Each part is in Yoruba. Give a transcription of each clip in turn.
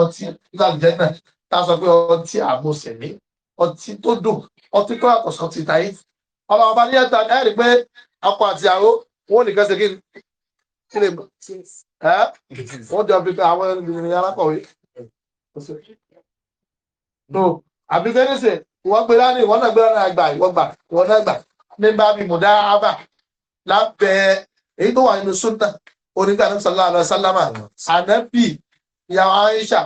ọtí lájẹ náà tá a sọ pé ọtí àmọ̀sẹ̀mí ọtí tó dùn ọtí tó yàtọ̀ sọ ti tàyè ọba ọba ní ẹta ẹ rí pé ọkọ àti àrò wọn nìkan ṣe kí ni ẹ wọn jọ bí àwọn ènìyàn alákọ̀wé no àbí fẹ́rẹ́ sẹ̀ wọ́n gbé lánìí wọ́n náà gbé lánìí àgbà ìwọ́n gbà wọ́n náà gbà ní bá mi mọ̀ dáhàbà lábẹ́ èyí tó wà nínú súnà onígbà ní sàlámà ànábì ìyàwó Aisha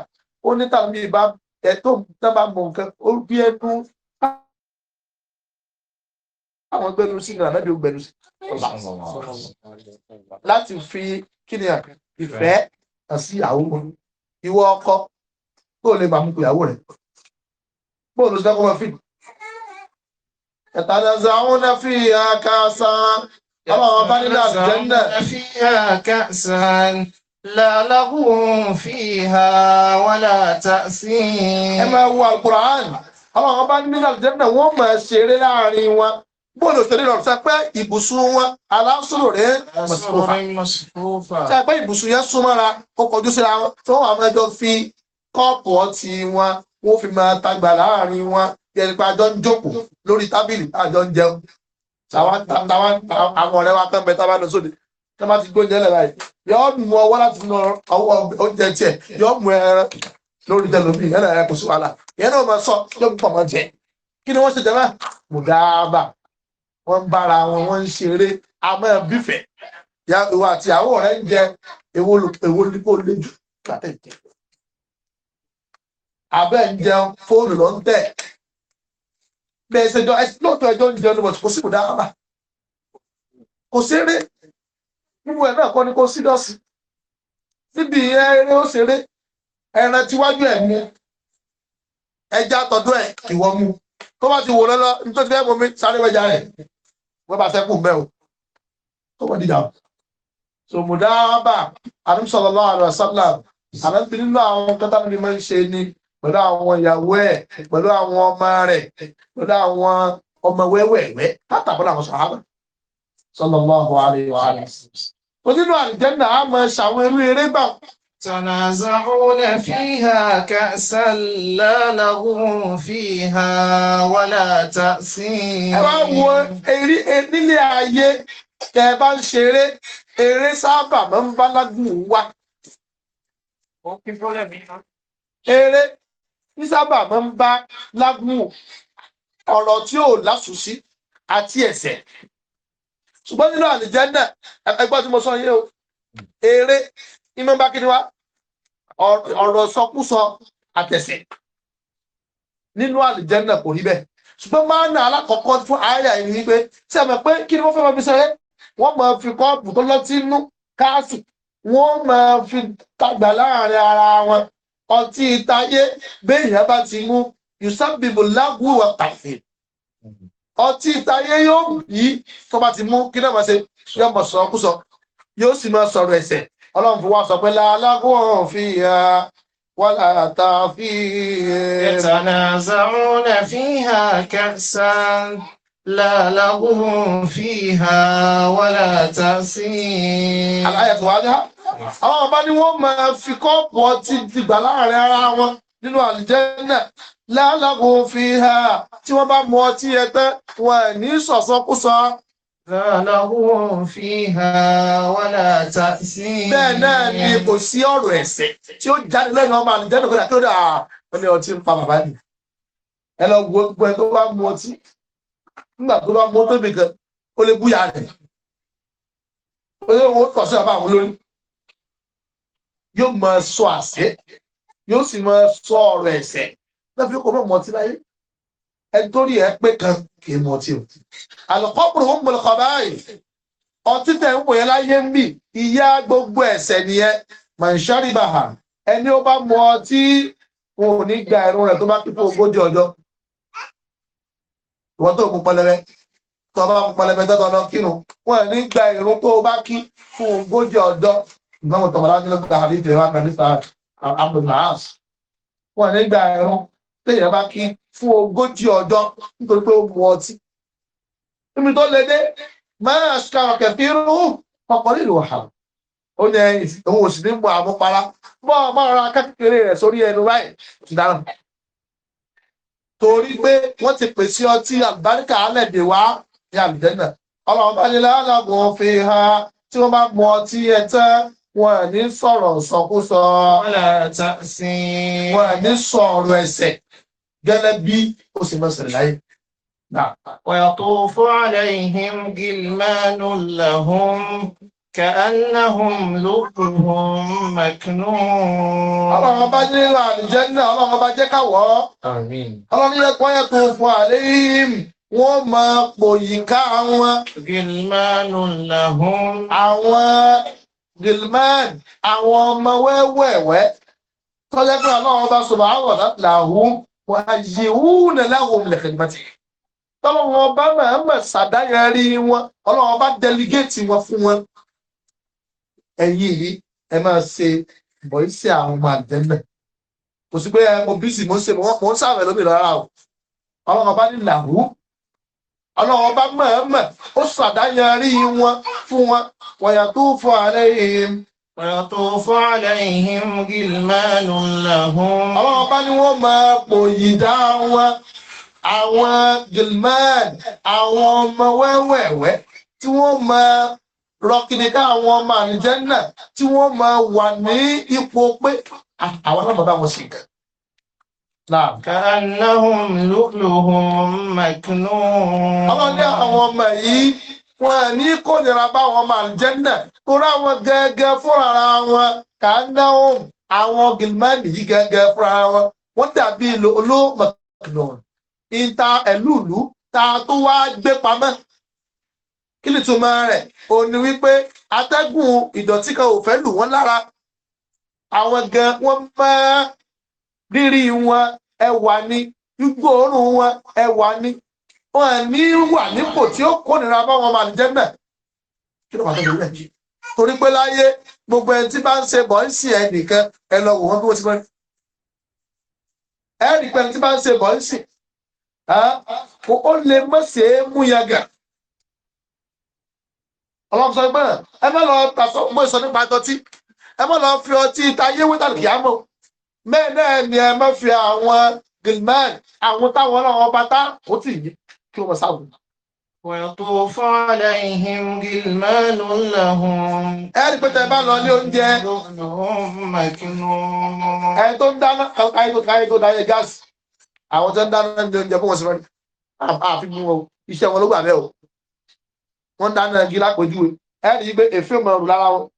ó ní tàbí ìbá ẹ̀tọ́ tán bá mọ nǹkan ó bí ẹnu àwọn gbẹnu sí ìlànà bí ó gbẹnu sí láti fi kí ni ìfẹ́ sí àwọn ìwọ ọkọ tó lè máa mú ìyàwó rẹ̀ bóò ló ṣe kọ́ máa àwọn náà fi àkàsán ọlọ́run bá nílò àjẹ́ náà. لا لغو فيها ولا تأثيم ẹ máa wo alukur'an àwọn àwọn bá nínú àlùjẹ́nà wọ́n máa ṣeré láàrin wọn bóòlù òṣèlú rẹ̀ sọ pé ibùsùn wọn aláṣọrò rẹ̀ mọ̀sífòfà sọ pé ibùsùn yẹn súnmọ́ra ó kọjú síra wọn tí wọ́n àwọn ẹjọ́ fi kọ́ọ̀pù ọtí wọn wọ́n fi máa tagbà láàrin wọn yẹn pé àjọ ń jókòó lórí tábìlì àjọ ń jẹun táwọn ọ̀rẹ́ wa tán bẹ tábà lọ sóde tó bá ti gbóúnjẹ lẹ̀ báyìí yọ mú ọwọ́ láti nà ọwọ́ oúnjẹ tiẹ̀ yọ mú ẹran lórí tẹlifí yẹn náà kò sí wàhálà yẹn náà máa sọ yọ púpọ̀ máa jẹ kí ni wọ́n ṣe jẹ́mẹ́ mùdáàbà wọ́n ń bára wọn wọ́n ń ṣeré amọ́ bífẹ̀ ya ìwà àti àwọ̀ rẹ̀ ń jẹ èwo nípò léjù kàtẹ́ jẹ abẹ́ ń jẹun fóònù ló ń tẹ̀ bẹ́ẹ̀ ṣe jọ lóòótọ́ ẹjọ́ ń jẹun ní bọ̀tù gbogbo ẹ̀ náà kọ́ ni kó sídọ̀sì níbi eré òṣèré ẹran tíwájú ẹ̀ mú ẹja tọ̀dọ̀ ẹ̀ ìwọ mú tó bá ti wò lọ́lọ́ nítorí fẹ́ bomi sáré wẹja rẹ̀ wọ́n bá sẹ́kù mẹ́ o tó wọ́n dìjà so mùdáàbà àdúmsọ̀lọ́lọ́ àrùn àṣàlá àdáńtì nínú àwọn kátà ní máa ń ṣe ni pẹ̀lú àwọn ìyàwó ẹ̀ pẹ̀lú àwọn ọmọ rẹ̀ pẹ̀lú àwọn ọmọ wẹ́wẹ̀wẹ́ látàbọ̀lá àwọn sọ̀rọ̀ sallallahu alaihi wa sallam onínú àlìjẹ́nà á mọ ṣàwọn irú eré gbà. تنازعون فيها كأسا لا لغو فيها ولا تأثيم. ẹ bá wo eré nílé ayé tẹ ẹ bá ń ṣeré eré sábà máa ń bá lágùn wá. eré ní sábà máa ń bá lágùn ọ̀rọ̀ tí ò lásùsí àti ẹ̀sẹ̀ ṣùgbọ́n nínú àlìjẹ́ náà ẹgbọ́n tí mo sọ yé o eré ìmọ̀ bá kí ni wá ọ̀rọ̀ sọkúsọ àtẹ̀sẹ̀ nínú àlìjẹ́ náà kò rí bẹ́ẹ̀ ṣùgbọ́n máa nà alákọ̀ọ́kọ́ fún ààrẹ àyè ní pé tí a mọ̀ pé kí ni wọ́n fẹ́ máa fi ṣeré wọ́n máa fi kọ́ọ̀pù tó lọ́tí wọ́n máa fi tagbà láàrin ara wọn ọtí ìtayé béèyàn bá ti mú yusufu bibu lágùú wà tàfin ọtí ìtayé yóò yí tó bá ti mú kí náà máa ṣe yóò mọ̀ sọ kú yóò sì máa sọ̀rọ̀ ẹ̀sẹ̀ ọlọ́run fún wa sọ pé lálágún òfin ya wà látà fi ẹ̀tànà zàmúnà fi hà kẹsà lálágún fi hà wà látà sí. aláyẹ̀ tó wá dá àwọn ọba ni wọ́n máa fi kọ́ọ̀pù ọtí dìgbà láàrin ara wọn nínú àlìjẹ́ náà lálágùn fi ha tí wọ́n bá mu ọtí ẹgbẹ́ wọn ní sọ̀sọ́kúsọ. lálágùn fi ha wọn láta sí. bẹ́ẹ̀ náà ni kò sí ọ̀rọ̀ ẹ̀sẹ̀ tí ó jáde lẹ́yìn ọmọ àlùjẹ́ nìkan náà tó dà ó ní ọtí ń pa bàbá mi. ẹ lọ wo ẹ tó bá mu ọtí nígbà tó bá mu ọtí mi kan ó lè búyà rẹ̀ olówó tọ̀sí ọba àwọn olórí yóò máa sọ àṣẹ yóò sì máa sọ ọ̀rọ̀ ẹ̀sẹ̀ lọ́fi kò mọ̀ mọ̀tí láyé ẹni tó rí ẹ pé kan kì í mọ̀tí o àlùkọ́pùrù ń gbọ́dọ̀ kọ̀ọ̀bá yìí ọtí tẹ̀ ń wòye láyé ń bì ìyá gbogbo ẹ̀ṣẹ̀ nìyẹn mọ̀nsárì bàhà ẹni ó bá mu ọtí wọn ò ní gba ẹ̀rù rẹ̀ tó bá kíkọ́ ogójì ọjọ́ ìwọ́n tó mú pẹlẹbẹ tó bá mú pẹlẹbẹ tọ́tọ́ lọ kírun wọn ò ní gba ẹ̀rù tó bá kí fún ogójì ọjọ́ ìgbọ́n mo tọ̀mọ̀lá nílò gbàgbé ìjọba kan nípa àbùnà áàsì wọn ò ní gba ẹ̀rù téèyàn bá kí fún ogójì ọjọ́ nítorí pé ó mu ọtí níbi tó lè dé máa ṣka kẹfì rú ọ̀pọ̀ nílùú àrùn ó yẹ òun ò sì ní mú àmúpara mọ́ ọmọ ọ̀rọ̀ akákékeré rẹ̀ sórí ẹnu báyìí ti dára torí pé wọ́n ti pèsè ọtí àlùbáríkà alẹ́dẹ̀ wá ní àlùjẹ́nà ọlọ́run bá nílẹ̀ alágùn fi ha tí wọ́n bá mu ọtí ẹ̀tẹ́ wọn ní sọ̀rọ̀ sọkúsọ wọn ní sọ̀rọ̀ ẹ̀sẹ̀ gẹ́lẹ́ bí ó sì mọ́sẹ̀rẹ̀ láyé. ويطوف عليهم غلمان لهم كأنهم لؤلؤ مكنون ọlọ́run ọba jẹ́ ìlà àlìjẹ́ náà ọlọ́run ọba jẹ́ káwọ́ ọlọ́run yẹ kọ́ yẹ tó fún àléhìm wọ́n máa pò yíká wọn. gilmanu lahun. àwọn gilman àwọn ọmọ wẹ́wẹ́wẹ́ tọ́lẹ́gbẹ́ ọlọ́run ọba sọ̀rọ̀ àwọn ọ̀dọ́ wàyíwúnà láwọn olùlẹ̀kẹ̀lẹ̀mọ́tì tọ́lọ́wọ́n ọba mọ̀ọ́mọ̀ sàdáyẹrí wọn ọlọ́wọ́n ọba dẹligéètì wọn fún wọn ẹ̀yìn yìí ẹ máa ṣe bọ̀ọ́sì àwọn ọmọ àdẹ́mẹ̀ kò sí pé mo bí sì mo ṣe wọn kò ń sàrẹ̀ lómi rárá o ọlọ́wọ́n ọba ní làwú ọlọ́wọ́n ọba mọ̀ọ́mọ̀ ó sàdáyẹrí wọn fún wọn wọ̀yà tó fọ àárẹ̀ yìí Pẹ̀lọ́tún fọ́lá ìhìn gílmánù làhún. Àwọn ọba ni wọ́n máa pòyì dá wọn. Àwọn gílmán, àwọn ọmọ wẹ́wẹ̀wẹ́ tí wọ́n máa rọkìnìká àwọn ọmọ àlùjẹ́ náà tí wọ́n máa wà ní ipò pé àwọn alábàbá wọn sì kàn. Naam. Kàánàhùn lóhùn mẹ́kúnnù. Ọlọ́dẹ àwọn ọmọ yìí wọn à ní kó nira bá wọn máa jẹ́nà torí àwọn gẹ́gẹ́ fúnra wọn kà á ná òun àwọn gilmani yìí gẹ́gẹ́ fúnra wọn wọ́n dàbí olómọ̀kìlọ̀n ìta ẹ̀lúùlú ta tó wá gbé pamọ́ kí ni túmọ̀ rẹ̀ ó ní wípé atẹ́gùn ìdọ̀tí kan ò fẹ́ lù wọ́n lára àwọn gan wọ́n mọ́ rírí wọn ẹwà ni gbígbóòórùn wọn ẹwà ni wọn ní wà nípò tí ó kónira báwọn máa jẹ́ mẹ́ kí ló wà lórí rẹ̀ yìí torí pé láyé gbogbo ẹni tí bá ń ṣe bọ̀ ń sìn ẹ nìkan ẹ lọ wò wọ́n bí wọ́n ti mọ́ ẹ rí pé tí bá ń ṣe bọ̀ ń sìn ó lè mọ́ sí é mú yàgà ọlọ́run sọ pé ẹ má lọ tàṣọ mọ́ ìsọ nípa tọtí ẹ má lọ fi ọtí ta yéwé tàbí kìá mọ́ bẹ́ẹ̀ náà ni ẹ má fi àwọn gilman àwọn táwọn ọlọ́run tá kó tì yín kí ló mọ sáàbù. ويطوف عليهم غلمان لهم ẹni pé tẹ bá lọ ní oúnjẹ ẹni tó ń dáná káyé tó dáyé gáàsì àwọn tó ń dáná ní oúnjẹ fún wọn sí wọn àfi mú wọn iṣẹ́ wọn ló gbà bẹ́ẹ̀ o wọ́n dáná igi lápòjúwe ẹni gbé èéfín mọ ọrùn lára wọn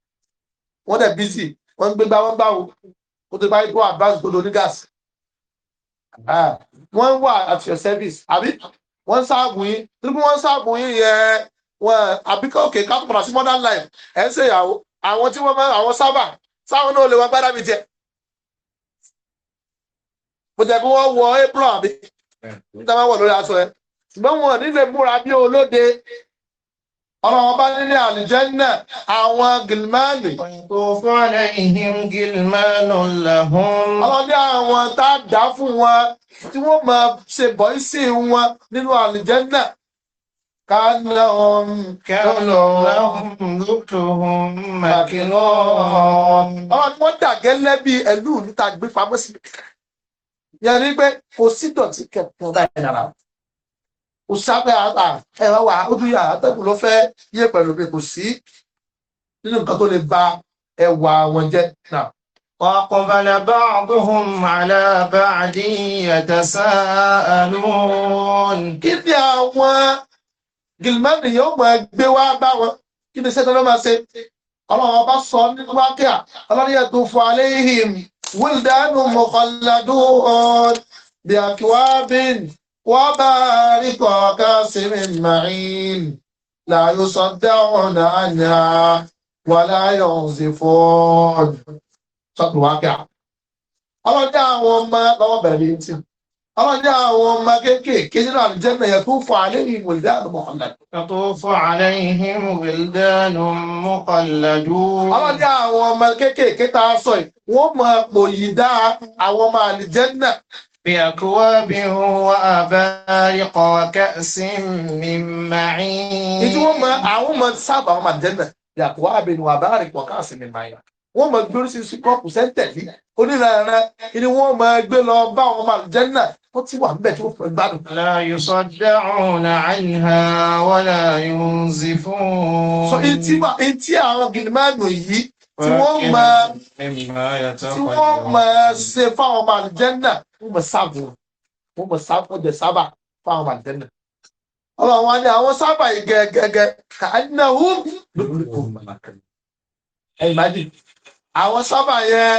wọ́n dẹ̀ wọ́n ń sáàgùn yín níbi wọ́n ń sáàgùn yín yẹ wọ́n àbíkọ́ òkè ká padà sí modern life ẹ̀ ń ṣèyàwó àwọn tí wọ́n máa àwọn sábà sáwọn náà lè wọ́n gbádà mi tiẹ̀ bó jẹ́ bí wọ́n wọ apron àbí níta máa wọ̀ lórí aṣọ ẹ̀ ṣùgbọ́n wọn nílé múra bí olóde ọlọ́wọ́ bá ní ní àlìjẹ́nà àwọn gilmani. kò fún ọ̀nà ìhìn gilmanu lahun. ọlọ́dẹ àwọn tá a dá fún wọn tí wọ́n máa ṣe bọ́ìsì wọn nínú àlìjẹ́nà. kánàhùn kánàhùn lókùnhùn màkìlọ́hùn. ọlọ́dẹ wọ́n dà gẹ́lẹ́ bí ẹlú níta gbé pamọ́ sí. yẹn ni pé kò sí dọ̀tí kẹ̀kẹ́ láì kò sáfẹ́ ẹ̀rọ wà ó tún yà atẹ́kùn ló fẹ́ yé pẹ̀lú mi kò sí nínú nǹkan tó lè ba ẹwà wọn jẹ́ náà. وأقبل بعضهم على بعض يتساءلون Ibi àwọn Gilmani yóò máa gbé wá bá wọn, kí ni ṣẹ́tọ́ ló máa ṣe? Ọlọ́run ọba sọ ní wákíà, ọlọ́run yatufu alayhim, wildanun mukhalladun bi akwabin وبارك وكاسم معين لا يصدعون عنها ولا ينزفون sọ́tù wákà ọlọ́jà àwọn ọmọ lọ́wọ́ bẹ̀rẹ̀ ní ti ọlọ́jà àwọn ọmọ kéékèèké nínú àlùjẹ́nà yẹ tó fọ alẹ́ yìí wòlídàánù mọ̀kànlẹ́dù. tó fọ alẹ́ yìí wòlídàánù mọ̀kànlẹ́dù. ọlọ́jà àwọn ọmọ kéékèèké tá a sọ yìí wọ́n máa pòyì dá àwọn ọmọ àlùjẹ́nà بأكواب وأبارق وكأس من معين ìtí wọ́n máa àwọn máa sábà wọn بأكواب وأبارق وكأس من معين wọ́n máa gbé oríṣiríṣi kọ́ọ̀pù sẹ́ńtẹ̀lì onírànràn ni wọ́n máa gbé lọ bá wọn máa jẹ́nà wọ́n ti wà níbẹ̀ tí wọ́n fẹ́ gbádùn. لا يصدعون عنها ولا ينزفون. sọ etí etí àwọn gìlìmánu yìí tí wọ́n máa tí wọ́n máa ṣe fáwọn máa jẹ́nà wọ́n mọ̀ sáàbù wọ́n mọ̀ sáàbù wọ́n jẹ sábà fáwọn àdẹ́nà ọlọ́run wa ni àwọn sábà yìí gẹ́gẹ́gẹ́ kàánà hùm ẹ̀yìn májì àwọn sábà yẹn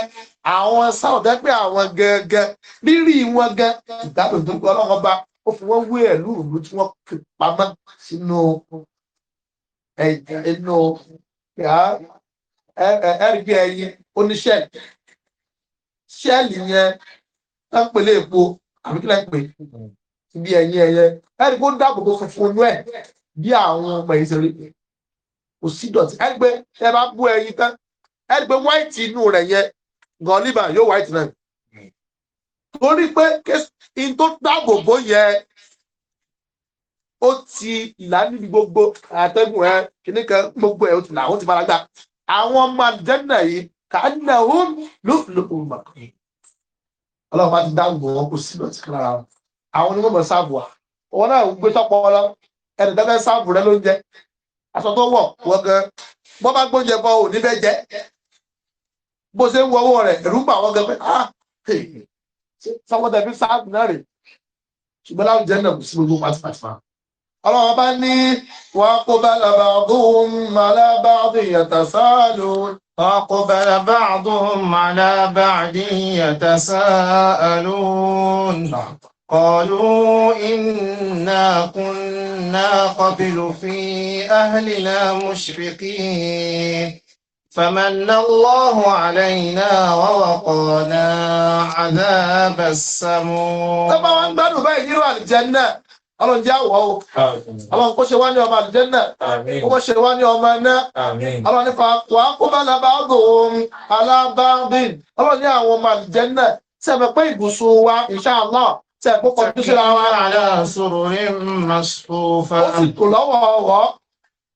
àwọn sábà tẹ́ pé àwọn gẹ́gẹ́ rírì wọn gẹ́ ìdádùn tó gbọ́ ọlọ́run ọba ó fi wọ́n wé ẹ̀lú ìlú tí wọ́n fi pamọ́ sínú inú ẹ̀rí bí ẹyin oníṣẹ́ẹ̀lì ṣẹ́ẹ̀lì yẹn lápèlé epo àbí kí lápè bí ẹyin ẹyẹ ẹni kó dáàbò tó funfun inú ẹ bí àwọn ọmọ yìí ṣe rí kò sí dọ̀tí ẹni pé ẹ bá bú ẹyin tán ẹni pé wáìtì inú rẹ yẹ gan liba yóò wáìtì náà torí pé in tó dáàbò bó yẹ ó ti là níbi gbogbo àtẹ̀gùn ẹ kìnnìkan gbogbo ẹ ó ti là ti fara gbà àwọn ọmọ àdẹ́nà yìí kà á nà ó lófin lófin màkàn ọlọ́run bá ti dáàbò wọn kò sí lọ́tí kan ara wọn àwọn ni wọ́n mọ̀ sáàbù wa wọn náà gbé tọ́pọ̀ ọlọ ẹnì tẹ́lẹ̀ sáàbù rẹ ló ń jẹ aṣọ tó wọ̀ wọ́n gan bọ́ bá gbóúnjẹ bọ́ ò ní fẹ́ jẹ bó ṣe ń wọ owó rẹ̀ ẹ̀rú bà wọ́n gan pé ah sọ́wọ́n tẹ̀ fi sáàbù náà rè ṣùgbọ́n láwùjẹ náà kò sí gbogbo pátápátá ọlọ́run bá ní wàá kó bá làbàgùn màlábàgùn yàtà sáà فأقبل بعضهم على بعد يتساءلون قالوا إنا كنا قبل في أهلنا مشفقين فمن الله علينا ووقانا عذاب السموم طبعا بنو بقى الجنة ọlọ́run jẹ́ àwọ̀ o ọlọ́run kó ṣe wá ní ọmọ àlùjẹ́nà kó ṣe wá ní ọmọ ẹ̀nà ọlọ́run nípa wà á kó bá lábá ọgọ́rùn alábàbìn ọlọ́run ní àwọn ọmọ àlùjẹ́nà tí ẹ̀mẹ̀ pé ìbùsùn wa ìṣáàlá tí ẹ̀kọ́ kọjú sí ara ó sì kù lọ́wọ́ ọ̀wọ́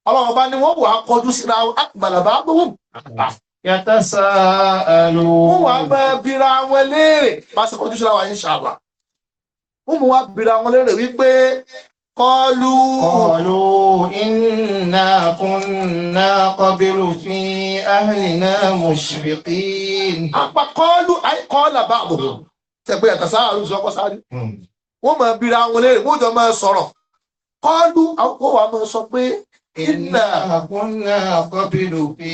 ọlọ́run bá ní wọ́n wà á kọjú sí ara àgbàlagbà gbóhùn. yàtọ̀ sáà lò ó wà á bẹ́ẹ̀ bíra wọn léèrè ṣe kọjú sí ara wa ìṣáàlá ó mú wá bìrà wọn lérè wípé kọlu. kọlu iná kunná kọbílù fi ahìnà mùsùlùmí. apá kọlu kọlà bá àbò tẹ̀pẹ́ sáà ló ọkọ sáré. Hmm. wọ́n máa bìrà wọn lérè wọ́n jọ máa sọ̀rọ̀ kọlu àwọn wa máa sọ pé. Iná kúnná kọbílù fi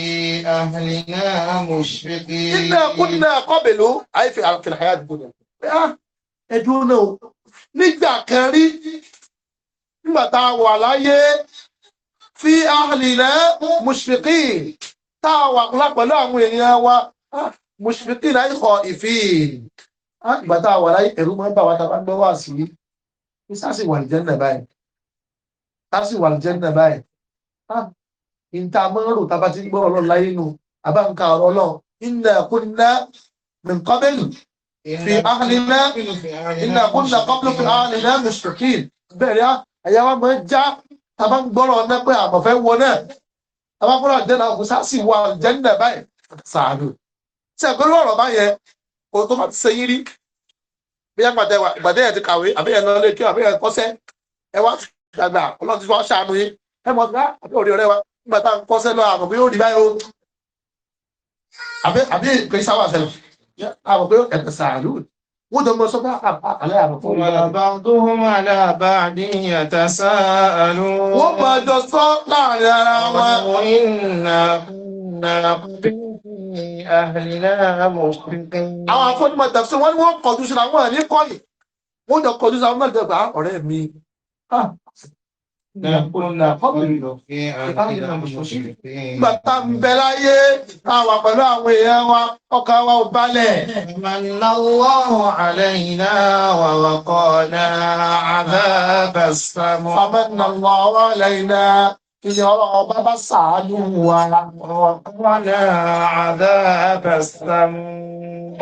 ahìnà mùsùlùmí. Iná kúnná kọbílù àyè fi àfihàn àyà àdúgbò náà. Ah, Ẹ̀dùn náà nígbà kan rí nígbà tá a wà láyé fi àhàlìlẹ́ mùsùlùmí tá a wà kúlá pẹ̀lú àwọn èèyàn wa mùsùlùmí láì kọ ìfihìn ìgbà tá a wà láyé ẹ̀rú máa ń bà wá tá a bá gbọ́ wá sí i sásì wà lìjẹ́ nà báyìí sásì wà lìjẹ́ nà báyìí ìta máa ń bá ti gbọ́ ọlọ́run láyé nu àbá ń ọlọ́run ìnà kúnná nǹkan mélòó. في أهلنا إن كنا قبل في أهلنا مشركين بẹ̀rẹ̀ ẹ̀yà wa máa ń já tàbá ń gbọ́rọ̀ ọ̀nà pé àmọ̀ fẹ́ wọ náà tàbá gbọ́rọ̀ àjẹ́ náà kò sá sì wà jẹ́ nílẹ̀ báyìí sàánù tí ẹ̀kọ́ lọ́rọ̀ bá yẹ kò tó bá ti ṣe yín rí bí yá gbàdé wa ìgbàdé yẹn ti kàwé àbí yẹn lọlé kí àbí yẹn kọ́sẹ́ wá ṣàánú yín ẹ mọ̀ ká àbí òrí ọ̀rẹ́ wa nígbà tá à ń kọ́sẹ́ lọ àmọ̀ pé yóò rí báyìí o àbí àbí kò sáwà ṣẹlẹ̀ àwọn pé ẹ̀kẹ́ sàárù wọ́n tó mọ́ sọ́pá àkàlẹ́ àpapọ̀ ba'duhum ala ba'din yatasa'alun wọ́n mọ́ jọ sọ láàrin ara wọn inna kunna bi ahlina mushfiqin àwọn afọ́nimọ̀ tàbí wọ́n ni wọ́n kọjú sí àwọn ní kọ́yì wọ́n jọ kọjú sí àwọn mẹ́rin Bàtà ń bẹ láyé, àwà pẹ̀lú àwọn èèyàn wa, ọkà wa ò balẹ̀. Mànàlọ́rùn àlẹ́yìnà wà wàkọ́ náà àbábà sàmù. Fàbẹ́nàlọ́rùn àlẹ́yìnà ìyẹ ọlọ́run bá bá sàánú wa. náà àbábà sàmù.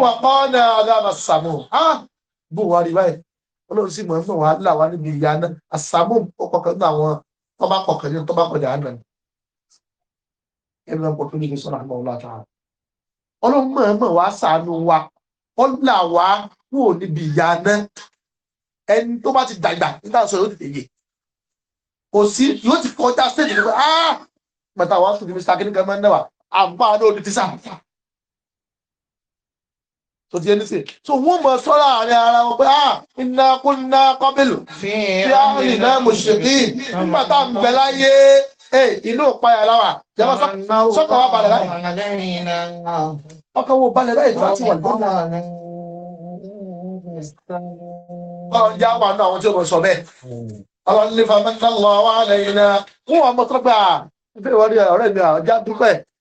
Wà kọ́ náà àbábà sàmù. Bùwárí báyìí ọlọ́run sì mọ̀ fún wa là wá níbi ìyá náà àsàmù ó kọ̀ọ̀kan nínú àwọn tọ́ba kọ̀ọ̀kan nínú tọ́ba kọjá àná ni ẹni náà pọ̀ tó ní sọ́nà àmọ́ ọlọ́run àtàrà ọlọ́run mọ̀ mọ̀ wá sàánú wa ó là wá kúrò níbi ìyá náà ẹni tó bá ti dàgbà nígbà sọ yóò tètè yè kò sí yóò ti kọjá stéèjì nípa ah mọ̀tà wá sùn ní mr akínkàn mọ́ náà wà àbúrò àdó tó ti yẹ sè so wọ́n mọ̀ sọ́ra àárín ara wọn pé ah iná kó iná kọ́bìlù fi hàn iná mùsùlùmí nígbà tá à ń bẹ láyé eh, inú ìpayà láwà jẹ́wọ́ sọ́kàn wà balẹ̀ láyé ọkàn wo balẹ̀ láyé tó àti wà lọ́nà ọlọ́run já wà ní àwọn tí ó mọ̀ sọ bẹ́ẹ̀ ọlọ́run nífa mẹ́ta lọ́wọ́ àlẹ́ yìí náà wọ́n mọ̀ sọ́gbà bí wọ́n rí ọ̀rẹ́ mi àjá dúpẹ́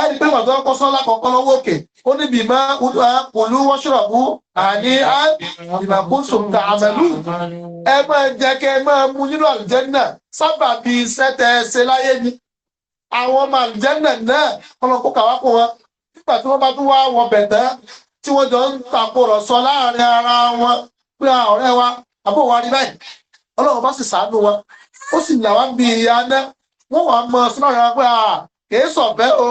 ẹni pé wọ́n tó kọ́ sọ́lá kọ́kọ́ lọ́wọ́ òkè ó níbi ìmọ̀ ọdún àpòlú wọ́ṣọ̀rọ̀bù àní ìmọ̀kóso tààmẹ̀lú ẹ máa jẹ kẹ ẹ máa mú nínú àlùjẹ́nà sábà bí iṣẹ́ tẹ ẹ ṣe láyé ni àwọn ọmọ àlùjẹ́nà náà ọlọ́kọ́ kàwá kó wọn nígbà tí wọ́n bá tún wá wọ bẹ̀tẹ́ tí wọ́n jọ ń takòrọ̀sọ láàrin ara wọn pé ọ̀rẹ́ wa àbò wa rí báyìí ọlọ́run bá sì sàánú wọn ó sì làwọn bí ìyá náà wọ́n wàá mọ sí kìí sọ̀bẹ́ o.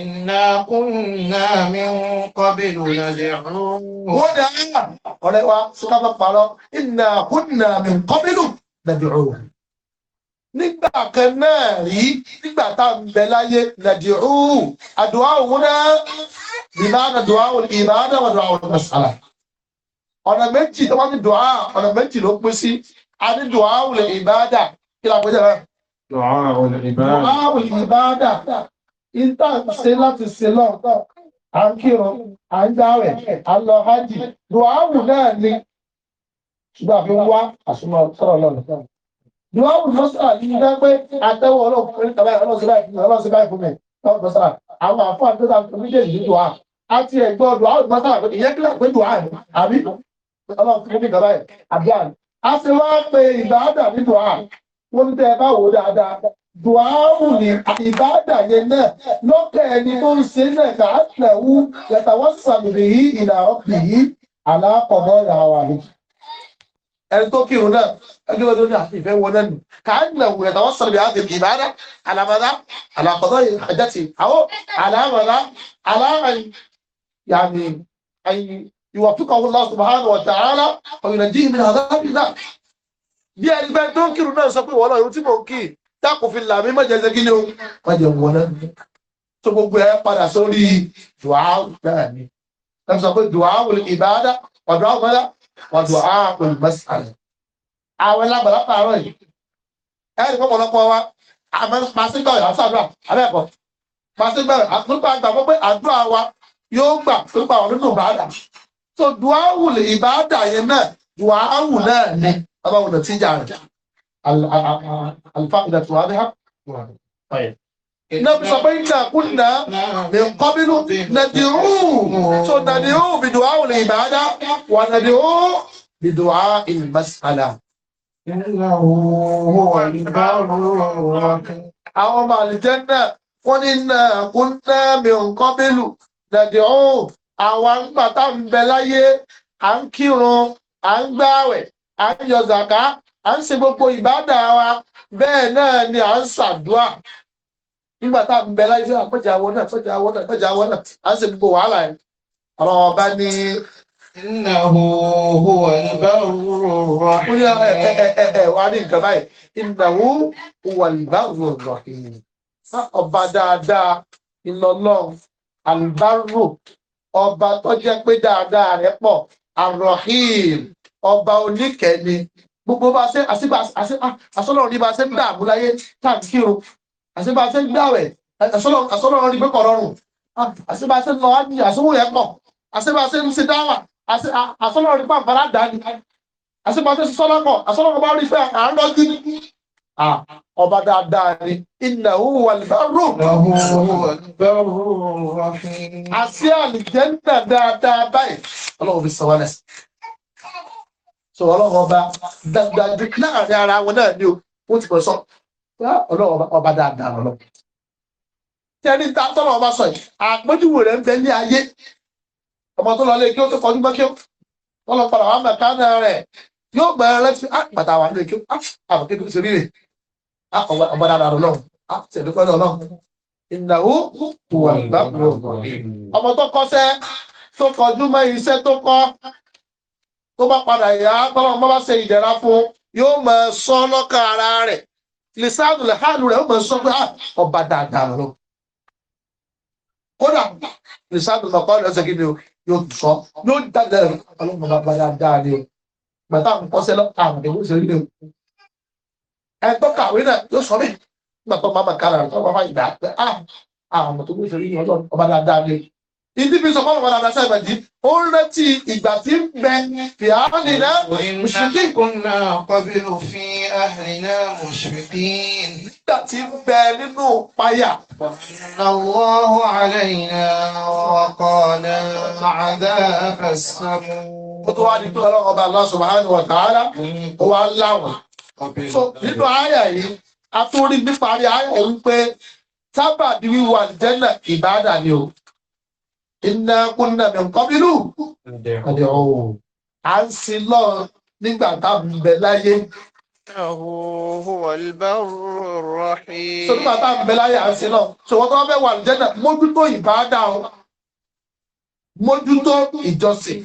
Ìnà kúnnà mi ń kọ́ bí lòlá lè rún. Wọ́n dà á. Ọ̀rẹ́ wa sọ́dá bá parọ́. Ìnà kúnnà mi ń kọ́ bí lòlá lè rún. Nígbà kan náà rí nígbà tá a ń bẹ láyé nàdí rúù. Àdùá òun náà bìbá àdùá òun ìbá àdùá òun mẹ́sàlá. Ọ̀nà méjì tó wá ní dùá ọ̀nà méjì ló pín sí. A ní dùá òun lè ìbá kí la pè jẹ́ báyìí. Dùháàrùn ìbáàdà. Ìta ṣe láti ṣe lọ́ọ̀tọ̀. À ń kírun, à ń dáwẹ̀, à ń lọ hajj. Dùháàrùn náà ni. Ṣùgbọ́n àfi ń wá àsùnmọ̀ sọ̀rọ̀ lọ́nà. Dùháàrùn lọ́sàrà yìí dá pé àtẹ́wọ̀ ọlọ́run fún mi tàbí ọlọ́sìn báyìí fún mi. Lọ́run lọ́sàrà. Àwọn àfáà tó dáa fún méjèèjì ní dùhà. A ti ẹ̀gbọ́ dùháàrùn lọ́sàrà pé ìyẹn kílà pé dùhà ni. Àbí ọlọ́run fún mi tàbí àbí àná. A ti wá pe ìbáàdà ní dùhà. wọ́n ní tẹ́ ẹ bá wò dáadáa dùáwù ní ìbáàdà yẹn náà lọ́kẹ́ ẹni tó ń ṣe náà kà á tẹ̀ wú yàtà wọ́n sàmìlì yìí ìlà ọ̀pì yìí àlàkọ̀mọ́ ìlà wà ní. ẹni tó kírun náà ẹni tó ní àti ìfẹ́ wọn náà nù kà á tẹ̀ wù yàtà wọ́n sàmìlì àti ìbáàdà àlàmàdà àlàkọ̀dọ̀ àjẹtì àwọn àlàmàdà àlàmàdà yàní ayé ìwà fúkàwọ́ Allah subhanahu wa ta'ala ọ̀yìnà jí ìmìnira bí ẹni bẹ́ẹ̀ tó ń kírun náà sọ pé wọ́n lọ irun tí mò ń kì í dákò fi làmí mọ̀ jẹ́sẹ́ kí ni o má jẹ́ wọn náà tó gbogbo ẹ padà sórí dùáwù náà ni ẹ sọ pé dùáwù ìbáadá ọ̀dọ̀ àwọn mọ́lá ọ̀dọ̀ àwọn olùmọ̀sálẹ̀ àwọn ẹlágbàlá pààrọ̀ yìí ẹni pọ̀pọ̀lọpọ̀ wa màsígbà rẹ̀ àtàdúrà abẹ́ẹ̀kọ́ màsígbà rẹ̀ àtúgbà gbà pé àdúrà wa yóò gbà tó gbà wọn nínú ìbáadà tó dùáwù ìbáadà yẹn náà dùáwù náà ni أبا النتيجة عندك الفائدة واضحة؟ طيب Nabi sọ pé ìjà kúnnà ní kọ́bínú nàdìrú so nàdìrú bìdùá ò lè ìbáadá wà nàdìrú bìdùá ìmásàlá. Àwọn ọmọ àlìjẹ́nà wọ́n ní nà kúnnà mi ò kọ́bínú nàdìrú àwọn àgbàtà ń bẹ láyé à ń yọ zàká à ń ṣe gbogbo ìbádà wa bẹ́ẹ̀ náà ni à ń ṣàdúà nígbà tá à ń bẹ láyé fún àpẹjà àwọn náà fẹjà àwọn náà fẹjà àwọn náà à ń ṣe gbogbo wàhálà yẹn àwọn ọba ní. Innahu huwa al rahim Ó ní ẹ ẹ ẹ ẹ wà ní nǹkan báyìí. Innahu huwa al-barru ar-rahim. Ọba dáadáa iná ọlọ́run al-barru ọba tó jẹ́ pé dáadáa rẹ̀ pọ̀ ar-rahim ọba oníkẹ́ni gbogbo bá ṣe ah, àṣọlọ́run ní bá ṣe ń dààmú láyé tàbí kírun àṣebá ṣe ń gbàwẹ̀ àṣọlọ́run ní pé kọ̀ rọrùn ah, àṣebá ṣe ń lọ wá ní àṣọwò yẹn pọ̀ àṣebá ṣe ń ṣe dáwà ah, àṣọlọ́run ní pàǹpàrà dání àṣebá ṣe sọ́lọ́pọ̀ àṣọlọ́run bá rí fẹ́ àárọ́jú ní ọba dáadáa ni innahu wal barru. àṣẹ àlùjẹ́ ń dà dáadáa báyìí ọlọ́run fi sọ wá lẹ́sìn sọ ọlọ́run ọba dàgbàdì láàrin ara wọn náà ni o wọ́n ti pẹ̀ sọ ọlọ́run ọba dáadáa lọ́lọ́ tẹ́ni ta tọ́lọ́ ọba sọ yìí àpéjúwò rẹ̀ ń bẹ ní ayé ọmọ tó lọ lé kí ó tó kọjú mọ́ kí ó tọ́lọ́ padà wà mẹ́ta náà rẹ̀ yóò gbà ẹrẹ tí a ah, gbàtà wà lóye kí ó ah, àwọn kékeré ṣe rírè ọba dáadáa lọ́lọ́ àtẹ̀dúpẹ́ lọ́lọ́ ìnáwó kò wà gbàgbọ́ ọmọ tó kọ́ṣẹ́ tó bá padà yá bọ́lá bá ṣe ìdẹ̀ra fún yóò máa sọ lọ́kàn ara rẹ̀ lìsáàdù lẹ̀ hàlù rẹ̀ ó máa sọ pé ah, ọba dáadáa lọ. kódà lìsáàdù lọ́kọ́ rẹ̀ ṣe kí ni yóò tún sọ yóò dáadáa rẹ̀ ọlọ́run bàbá dáadáa ni o gbàtà ń kọ́ sẹ́lọ́ àwọn ìwé ìṣèlú ni o. ẹ tọ́ka àwé náà yóò sọ mí nígbà tó máa bàkàrà rẹ̀ tó ah, ni ìdíbi sọ fọlọ́wọ́ dáadáa sáà ìbàdí ó ń retí ìgbà tí ń bẹ fìhánì náà mùsùlùmí. kùnà kọbí òfin àhìnà mùsùlùmí. nígbà tí ń bẹ nínú páyà. nàwọ́hùn àlẹ́yìnà ọkọ̀ọ̀nà àdá àṣàmù. ó tó wá di pé ọlọ́run ọba Allah subhanahu wa ta'ala ó wá láwà. nínú àyà yìí a tún rí nípa àyà yìí pé sábàbí wíwà jẹ́nà ìbádà ni o iná kúnnà mi kọ́bílù ọdẹ ọ̀hún à ń sin lọ́ọ̀ nígbà tá a bẹ láyé. Sọ́dún bàtà ń bẹ láyé à ń sin lọ. Sọ̀wọ́n tó wọ́n fẹ́ wà lùjẹ́ náà, mójútó ìbáadá o. Mójútó ìjọsìn.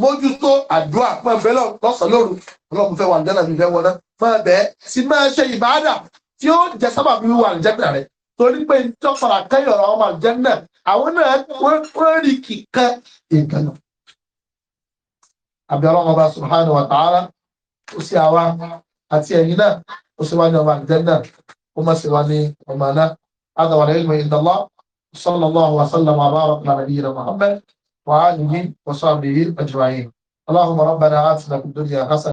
Mójútó àdúrà pọ̀ bẹ́ẹ̀ lọ lọ́sàn-án lóru. Ọlọ́run fẹ́ wà lùjẹ́ náà mi fẹ́ wọ́n náà. Máa bẹ́ẹ̀ sì máa ṣe ìbáadà tí ó jẹ sábà bí wà lùjẹ́ náà rẹ̀. Torí pé ń tọ́ fara kẹ́yọ̀rọ̀ ọmọ àlùjẹ́ àwọn náà wọ́n rí kíkẹ́ nǹkan náà àbẹ̀rọ̀ ọba subhanahu wa ta'ala ó sì àwa àti ẹ̀yìn náà ó sì wá ní ọmọ àjẹ́nà ó mọ̀ sí wá ní ọmọ náà adàwà rẹ̀ ilmu inda Allah sallallahu wa sallam wa barak ala nabiyyina Muhammad wa alihi wa sahbihi ajma'in Allahumma rabbana atina fid dunya hasanah